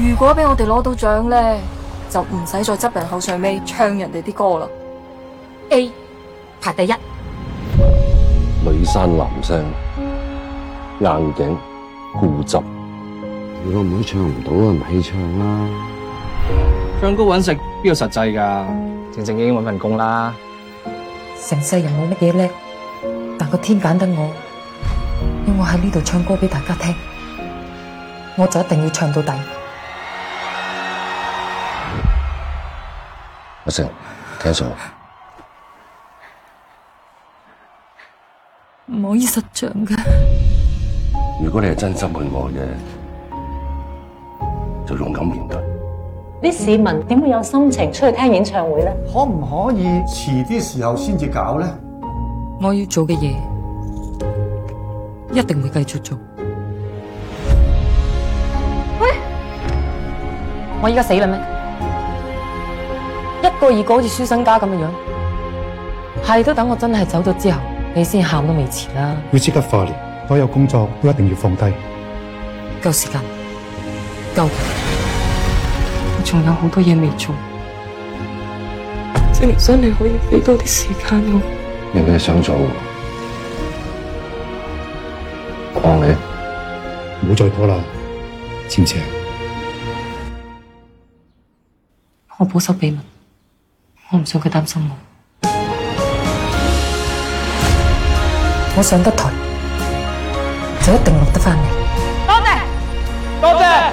如果被我哋攞到獎咧，就唔使再執人口上尾唱人哋啲歌啦。A 排第一，女生男生硬頸固執。如果唔好唱唔到、啊，咪棄唱啦。唱歌搵食邊有實際㗎？正正經經搵份工啦。成世人冇乜嘢叻，但個天揀得我，要我喺呢度唱歌俾大家聽，我就一定要唱到底。阿成，聽數唔可以實像㗎。如果你係真心對我嘅，就勇敢面對。啲市民點會有心情出去聽演唱會咧？可唔可以遲啲時候先至搞咧？我要做嘅嘢一定會繼續做。喂，我而家死啦咩？一個二個好似書生家咁嘅樣，係都等我真係走咗之後，你先喊都未遲啦。要即刻化療，所有工作都一定要放低。夠時間？夠？我仲有好多嘢未做，即係想你可以俾多啲時間我。你有咩想做？我幫你，唔好再拖啦，千祈。我保守秘密。我唔想佢擔心我，我上得台就一定落得翻嚟。多謝，多謝。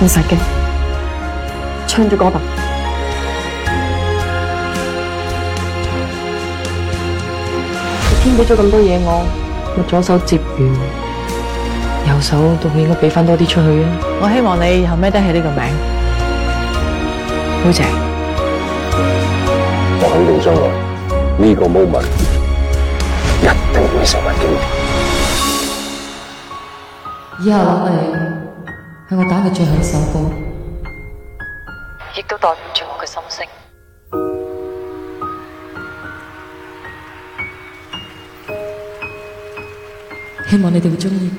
唔使驚，唱住歌吧。你編俾咗咁多嘢我，我左手接完，右手都應該俾翻多啲出去啊。我希望你後尾都係呢個名。多謝，謝，我肯定將來呢個 moment 一定會成為經典。以下係我打嘅最後一首歌，亦都代表住我嘅心聲，希望你哋會中意。